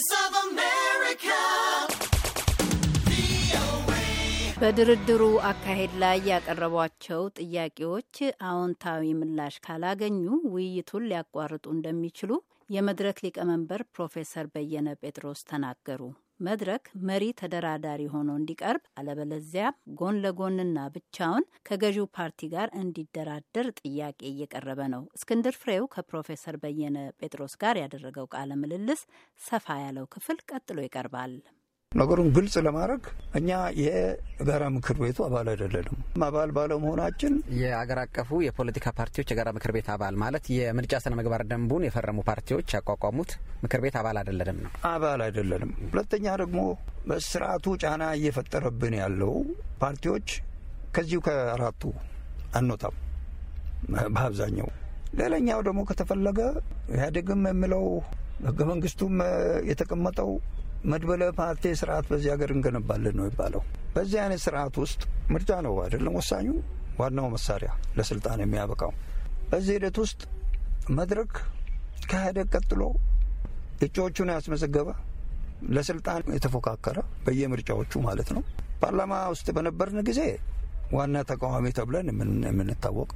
Voice በድርድሩ አካሄድ ላይ ያቀረቧቸው ጥያቄዎች አዎንታዊ ምላሽ ካላገኙ ውይይቱን ሊያቋርጡ እንደሚችሉ የመድረክ ሊቀመንበር ፕሮፌሰር በየነ ጴጥሮስ ተናገሩ። መድረክ መሪ ተደራዳሪ ሆኖ እንዲቀርብ አለበለዚያም ጎን ለጎንና ብቻውን ከገዢው ፓርቲ ጋር እንዲደራደር ጥያቄ እየቀረበ ነው። እስክንድር ፍሬው ከፕሮፌሰር በየነ ጴጥሮስ ጋር ያደረገው ቃለ ምልልስ ሰፋ ያለው ክፍል ቀጥሎ ይቀርባል። ነገሩን ግልጽ ለማድረግ እኛ የጋራ ምክር ቤቱ አባል አይደለንም። አባል ባለመሆናችን የአገር አቀፉ የፖለቲካ ፓርቲዎች የጋራ ምክር ቤት አባል ማለት የምርጫ ስነ ምግባር ደንቡን የፈረሙ ፓርቲዎች ያቋቋሙት ምክር ቤት አባል አይደለንም ነው። አባል አይደለንም። ሁለተኛ ደግሞ በስርዓቱ ጫና እየፈጠረብን ያለው ፓርቲዎች ከዚሁ ከአራቱ አንወጣም በአብዛኛው። ሌላኛው ደግሞ ከተፈለገ ኢህአዴግም የሚለው ህገ መንግስቱም የተቀመጠው መድበለ ፓርቲ ስርዓት በዚህ ሀገር እንገነባለን ነው የሚባለው። በዚህ አይነት ስርዓት ውስጥ ምርጫ ነው አይደለም ወሳኙ ዋናው መሳሪያ ለስልጣን የሚያበቃው። በዚህ ሂደት ውስጥ መድረክ ከህደ ቀጥሎ እጩዎቹን ያስመዘገበ ለስልጣን የተፎካከረ በየምርጫዎቹ ማለት ነው። ፓርላማ ውስጥ በነበርን ጊዜ ዋና ተቃዋሚ ተብለን የምንታወቅ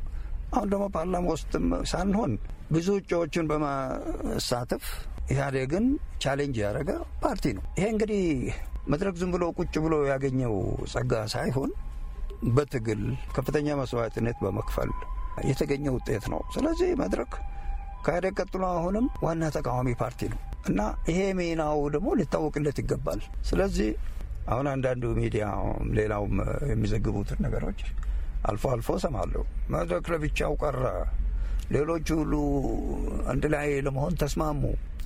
አሁን ደግሞ ፓርላማ ውስጥም ሳንሆን ብዙ እጩዎችን በማሳተፍ ኢህአዴግን ቻሌንጅ ያደረገ ፓርቲ ነው። ይሄ እንግዲህ መድረክ ዝም ብሎ ቁጭ ብሎ ያገኘው ጸጋ ሳይሆን በትግል ከፍተኛ መስዋዕትነት በመክፈል የተገኘ ውጤት ነው። ስለዚህ መድረክ ከኢህአዴግ ቀጥሎ አሁንም ዋና ተቃዋሚ ፓርቲ ነው እና ይሄ ሚናው ደግሞ ሊታወቅለት ይገባል። ስለዚህ አሁን አንዳንዱ ሚዲያ ሌላውም የሚዘግቡትን ነገሮች አልፎ አልፎ ሰማለሁ። መድረክ ለብቻው ቀረ። ሌሎቹ ሁሉ አንድ ላይ ለመሆን ተስማሙ።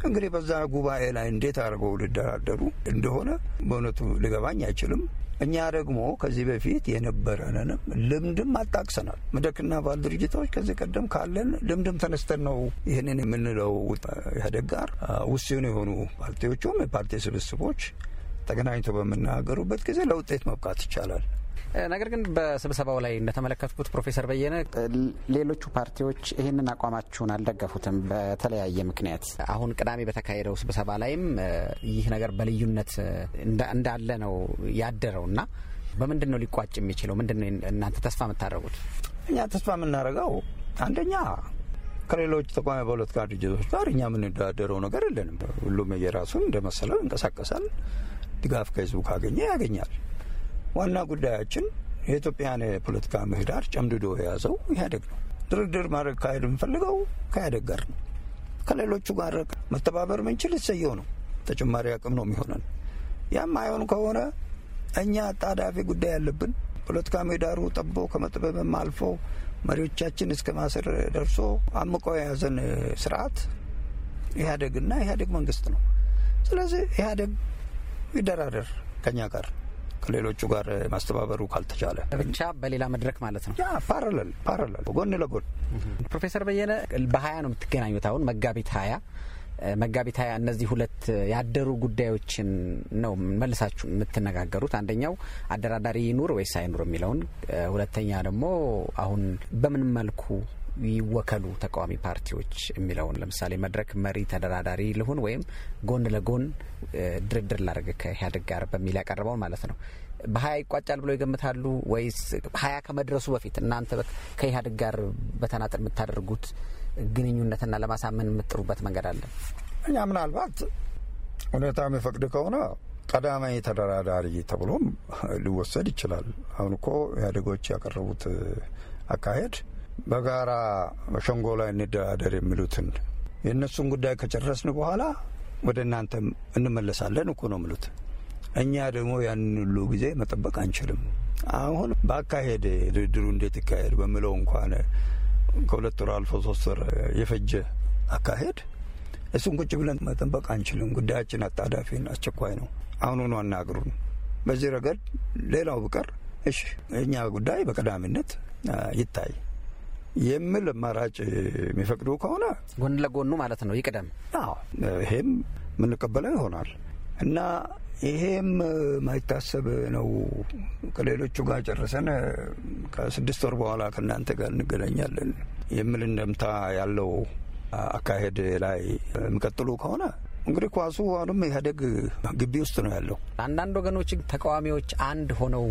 እንግዲህ በዛ ጉባኤ ላይ እንዴት አድርገው ሊደራደሩ እንደሆነ በእውነቱ ሊገባኝ አይችልም። እኛ ደግሞ ከዚህ በፊት የነበረንንም ልምድም አጣቅሰናል። መድረክና ባል ድርጅቶች ከዚህ ቀደም ካለን ልምድም ተነስተን ነው ይህንን የምንለው። ኢህአዴግ ጋር ውስን የሆኑ ፓርቲዎቹም የፓርቲ ስብስቦች ተገናኝተው በምናገሩበት ጊዜ ለውጤት መብቃት ይቻላል። ነገር ግን በስብሰባው ላይ እንደተመለከትኩት ፕሮፌሰር በየነ ሌሎቹ ፓርቲዎች ይህንን አቋማችሁን አልደገፉትም በተለያየ ምክንያት። አሁን ቅዳሜ በተካሄደው ስብሰባ ላይም ይህ ነገር በልዩነት እንዳለ ነው ያደረው እና በምንድን ነው ሊቋጭ የሚችለው? ምንድን ነው እናንተ ተስፋ የምታደርጉት? እኛ ተስፋ የምናደርገው አንደኛ ከሌሎች ተቋሚ ፖለቲካ ድርጅቶች ጋር እኛ የምንደራደረው ነገር የለንም። ሁሉም የራሱን እንደመሰለው ይንቀሳቀሳል። ድጋፍ ከህዝቡ ካገኘ ያገኛል። ዋና ጉዳያችን የኢትዮጵያን የፖለቲካ ምህዳር ጨምድዶ የያዘው ኢህአዴግ ነው። ድርድር ማድረግ ካሄድ የምንፈልገው ከኢህአዴግ ጋር ነው። ከሌሎቹ ጋር መተባበር ምንችል ይሰየው ነው። ተጨማሪ አቅም ነው የሚሆነን። ያም አይሆን ከሆነ እኛ አጣዳፊ ጉዳይ ያለብን ፖለቲካ ምህዳሩ ጠቦ ከመጥበብም አልፎ መሪዎቻችን እስከ ማሰር ደርሶ አምቆ የያዘን ስርዓት ኢህአዴግና ኢህአዴግ መንግስት ነው። ስለዚህ ኢህአዴግ ይደራደር ከኛ ጋር ከሌሎቹ ጋር ማስተባበሩ ካልተቻለ ብቻ በሌላ መድረክ ማለት ነው። ያ ፓራለል ፓራለል ጎን ለጎን ፕሮፌሰር በየነ በሀያ ነው የምትገናኙት አሁን መጋቢት ሀያ መጋቢት ሀያ እነዚህ ሁለት ያደሩ ጉዳዮችን ነው መልሳችሁ የምትነጋገሩት። አንደኛው አደራዳሪ ይኑር ወይስ አይኑር የሚለውን፣ ሁለተኛ ደግሞ አሁን በምን መልኩ ይወከሉ ተቃዋሚ ፓርቲዎች የሚለውን ለምሳሌ መድረክ መሪ ተደራዳሪ ልሁን ወይም ጎን ለጎን ድርድር ላደርግ ከኢህአዴግ ጋር በሚል ያቀርበውን ማለት ነው። በሀያ ይቋጫል ብሎ ይገምታሉ ወይስ ሀያ ከመድረሱ በፊት እናንተ ከኢህአዴግ ጋር በተናጠል የምታደርጉት ግንኙነትና ለማሳመን የምጥሩበት መንገድ አለ? እኛ ምናልባት ሁኔታ የሚፈቅድ ከሆነ ቀዳማዊ ተደራዳሪ ተብሎም ሊወሰድ ይችላል። አሁን እኮ ኢህአዴጎች ያቀረቡት አካሄድ በጋራ ሸንጎ ላይ እንደራደር የሚሉትን የእነሱን ጉዳይ ከጨረስን በኋላ ወደ እናንተ እንመለሳለን እኮ ነው የሚሉት። እኛ ደግሞ ያንን ሁሉ ጊዜ መጠበቅ አንችልም። አሁን በአካሄድ ድርድሩ እንዴት ይካሄድ በሚለው እንኳን ከሁለት ወር አልፎ ሶስት ወር የፈጀ አካሄድ እሱን ቁጭ ብለን መጠበቅ አንችልም። ጉዳያችን አጣዳፊ አስቸኳይ ነው። አሁኑኑ አናግሩን። በዚህ ረገድ ሌላው ብቀር እሺ፣ የእኛ ጉዳይ በቀዳሚነት ይታይ የሚል አማራጭ የሚፈቅዱ ከሆነ ጎን ለጎኑ ማለት ነው ይቅደም። አዎ ይሄም የምንቀበለው ይሆናል እና ይሄም ማይታሰብ ነው። ከሌሎቹ ጋር ጨርሰን ከስድስት ወር በኋላ ከእናንተ ጋር እንገናኛለን የሚል እንደምታ ያለው አካሄድ ላይ የሚቀጥሉ ከሆነ እንግዲህ ኳሱ አሁንም ኢህአዴግ ግቢ ውስጥ ነው ያለው። አንዳንድ ወገኖች ተቃዋሚዎች አንድ ሆነው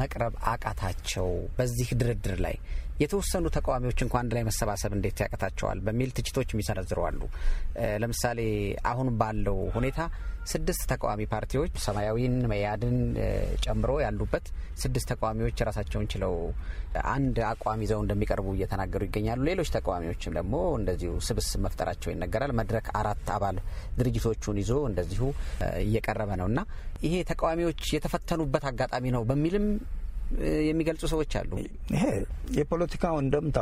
መቅረብ አቃታቸው። በዚህ ድርድር ላይ የተወሰኑ ተቃዋሚዎች እንኳ አንድ ላይ መሰባሰብ እንዴት ያቅታቸዋል በሚል ትችቶች የሚሰነዝሩ አሉ። ለምሳሌ አሁን ባለው ሁኔታ ስድስት ተቃዋሚ ፓርቲዎች ሰማያዊን መያድን ጨምሮ ያሉበት ስድስት ተቃዋሚዎች ራሳቸውን ችለው አንድ አቋም ይዘው እንደሚቀርቡ እየተናገሩ ይገኛሉ። ሌሎች ተቃዋሚዎችም ደግሞ እንደዚሁ ስብስብ መፍጠራቸው ይነገራል። መድረክ አራት አባል ድርጅቶቹን ይዞ እንደዚሁ እየቀረበ ነው እና ይሄ ተቃዋሚዎች የተፈተኑበት አጋጣሚ ነው በሚልም የሚገልጹ ሰዎች አሉ። ይሄ የፖለቲካው እንደምታ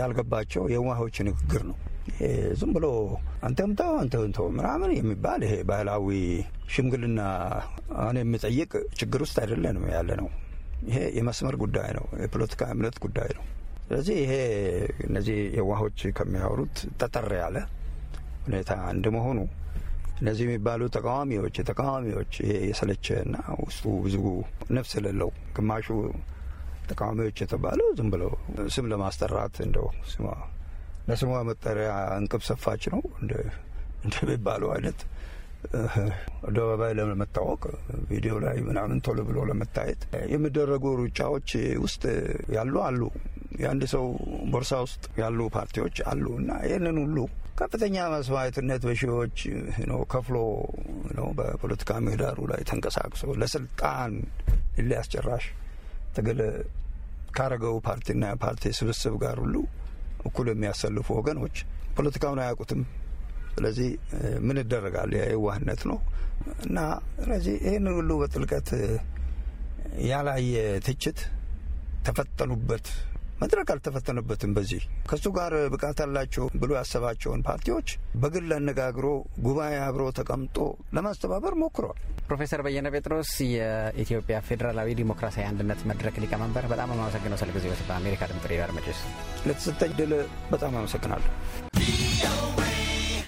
ያልገባቸው የዋሆች ንግግር ነው። ዝም ብሎ አንተምተው አንተምተው ምናምን የሚባል ይሄ ባህላዊ ሽምግልና አሁን የሚጠይቅ ችግር ውስጥ አይደለንም ያለ ነው። ይሄ የመስመር ጉዳይ ነው። የፖለቲካ እምነት ጉዳይ ነው። ስለዚህ ይሄ እነዚህ የዋሆች ከሚያወሩት ጠጠር ያለ ሁኔታ እንደመሆኑ እነዚህ የሚባሉ ተቃዋሚዎች ተቃዋሚዎች ይሄ የሰለቸና ውስጡ ብዙ ነፍስ የሌለው ግማሹ ተቃዋሚዎች የተባለው ዝም ብለው ስም ለማስጠራት እንደው ለስሟ መጠሪያ እንቅብ ሰፋች ነው እንደሚባለው አይነት አደባባይ ለመታወቅ ቪዲዮ ላይ ምናምን ቶሎ ብሎ ለመታየት የሚደረጉ ሩጫዎች ውስጥ ያሉ አሉ። የአንድ ሰው ቦርሳ ውስጥ ያሉ ፓርቲዎች አሉ እና ይህንን ሁሉ ከፍተኛ መስዋዕትነት በሺዎች ከፍሎ በፖለቲካ ምህዳሩ ላይ ተንቀሳቅሶ ለስልጣን ሊያስጨራሽ ትግል ካረገው ፓርቲና ፓርቲ ስብስብ ጋር ሁሉ እኩል የሚያሰልፉ ወገኖች ፖለቲካውን አያውቁትም። ስለዚህ ምን ይደረጋል? የዋህነት ነው እና ስለዚህ ይህን ሁሉ በጥልቀት ያላየ ትችት ተፈጠኑበት መድረክ አልተፈተነበትም። በዚህ ከእሱ ጋር ብቃት አላቸው ብሎ ያሰባቸውን ፓርቲዎች በግል አነጋግሮ ጉባኤ አብሮ ተቀምጦ ለማስተባበር ሞክሯል። ፕሮፌሰር በየነ ጴጥሮስ የኢትዮጵያ ፌዴራላዊ ዲሞክራሲያዊ አንድነት መድረክ ሊቀመንበር፣ በጣም አመሰግነው ስለ ጊዜዎት። በአሜሪካ ድምጽ ሬዲዮ አድማጮች ለተሰጠኝ ድል በጣም አመሰግናለሁ።